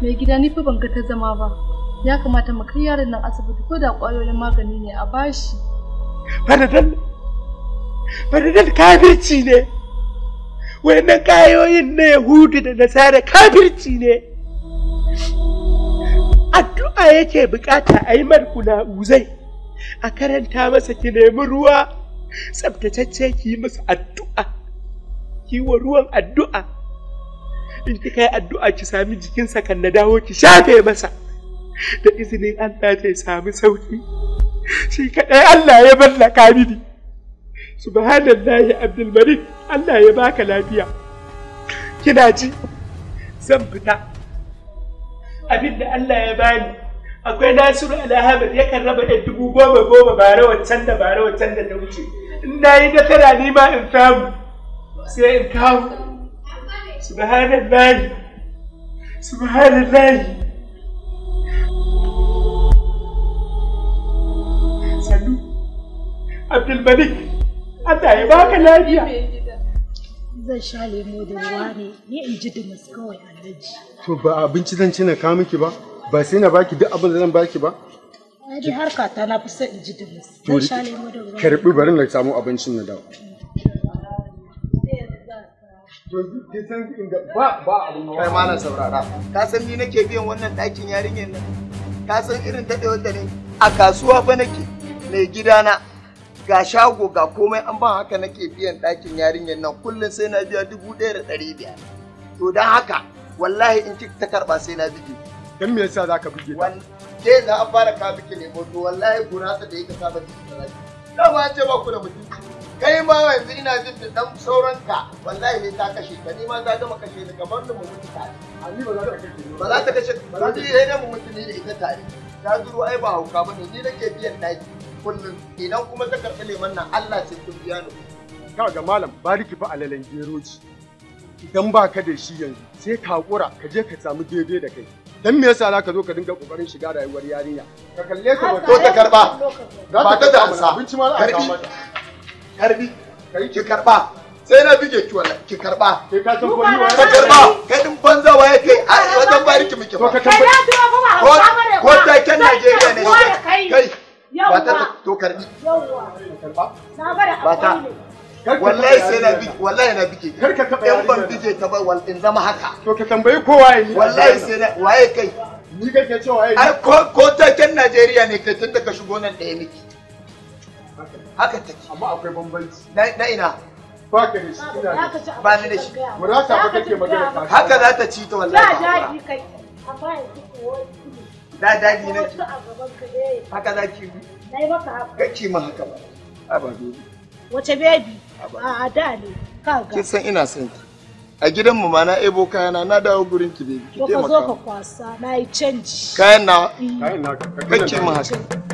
mai gida ni ban ga ta zama ba ya kamata mu kai yaron nan asibiti ko da ƙwayoyin magani ne a bashi fanadol fanadol kafirci ne wayannan kayoyin na yahudu da nasara kafirci ne addu'a yake bukata a yi markuna uzai a karanta masa ki nemi ruwa tsabtatacce ki yi masa addu'a ki wa ruwan addu'a in kika yi addu'a ki sami sa kan na dawo ki shafe masa da izinin Allah ya sami sauki shi kaɗai Allah ya ballaka mini subhanallahi abdul malik Allah ya baka lafiya kina ji zan fita abin da Allah ya bani akwai nasiru alhamar yakan raba yan dubu goma goma bara waccan da bare wancan da ta wuce in na yi nasara ni ma in samu sai in kawo subhanallahi subhanallahi sannu abdulmalik allah ya baka lafiya zan sha lemo da ruwa ne ni in ji dumas kawai alhaji to ba abinci zan ci na kawo miki ba ba sai na baki duk abin da zan baki ba Ai harka ta na fi son in ji dumas. Zan sha lemo da ruwa. Karbi bari na samu abincin na dawo. kai malam saurara ka san ni nake biyan wannan ɗakin yarinyar nan ka san irin daɗewar da ne a kasuwa fa nake mai gidana ga shago ga komai an ban haka nake biyan ɗakin yarinyar nan kullum sai na biya dubu ɗaya da ɗari biyar to don haka wallahi in ki ta karɓa sai na bige dan me yasa zaka bige ta ke za a fara ka bige ne to wallahi gurasa da yake saba cikin sarari dama ce ba ku da mutunci kai ma yanzu ina jin da dan sauranka wallahi ne ta kashe ka ni ma ta gama kashe ni kamar da mu mutu tare ani ba za ta kashe ba za ta kashe ba za ta mu mutu ni da ita tare ta zuru ai ba hauka ne, ni nake biyan daki kullun idan kuma ta karɓi leman nan Allah ce kin biya ni ka ga malam bariki fa alalan geroji idan ba ka da shi yanzu sai ka hakura ka je ka samu daidai da kai dan me yasa zaka zo ka dinga kokarin shiga rayuwar yarinya ka kalle ka ba ta karba za ta da abinci ma za karbi ki karba sai na bige ki wallahi ki karba ka san ka karba kai banza waye kai a wajen bariki muke ba kai da tuwa ba ko ko taken Najeriya ne kai ba ta to karbi yawa na bada ba ta wallahi sai na bi wallahi na bige kar ka taba yan ban bige ta ba wal in zama haka to ka tambayi ko waye ni wallahi sai na waye kai ni kake cewa ai ko ko taken Najeriya ne kai tun da ka shigo nan ɗaya miki haka take amma akwai bambanci na ina ba ka da shi ina da shi ba ni da shi murata ba kake magana ka haka za ta ci ta wallahi da daji kai amma da ne haka za ki yi nayi maka haka ma haka ba a ba dole wace a da ne kaga kin san ina son ki a gidan mu ma na ebo kayana na dawo gurin ki baby ki taimaka ka zo ka kwasa na yi canji kayan na eh. kayan na ma haka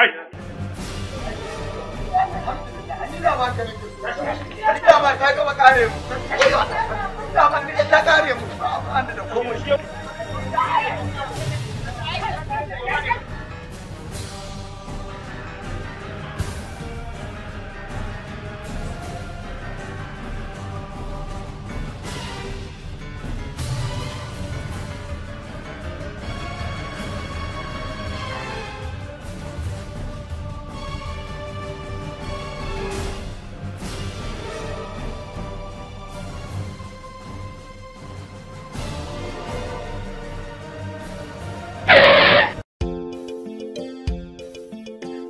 Ai. Dama ta gama kare mu. Dama ta kare mu. Ba da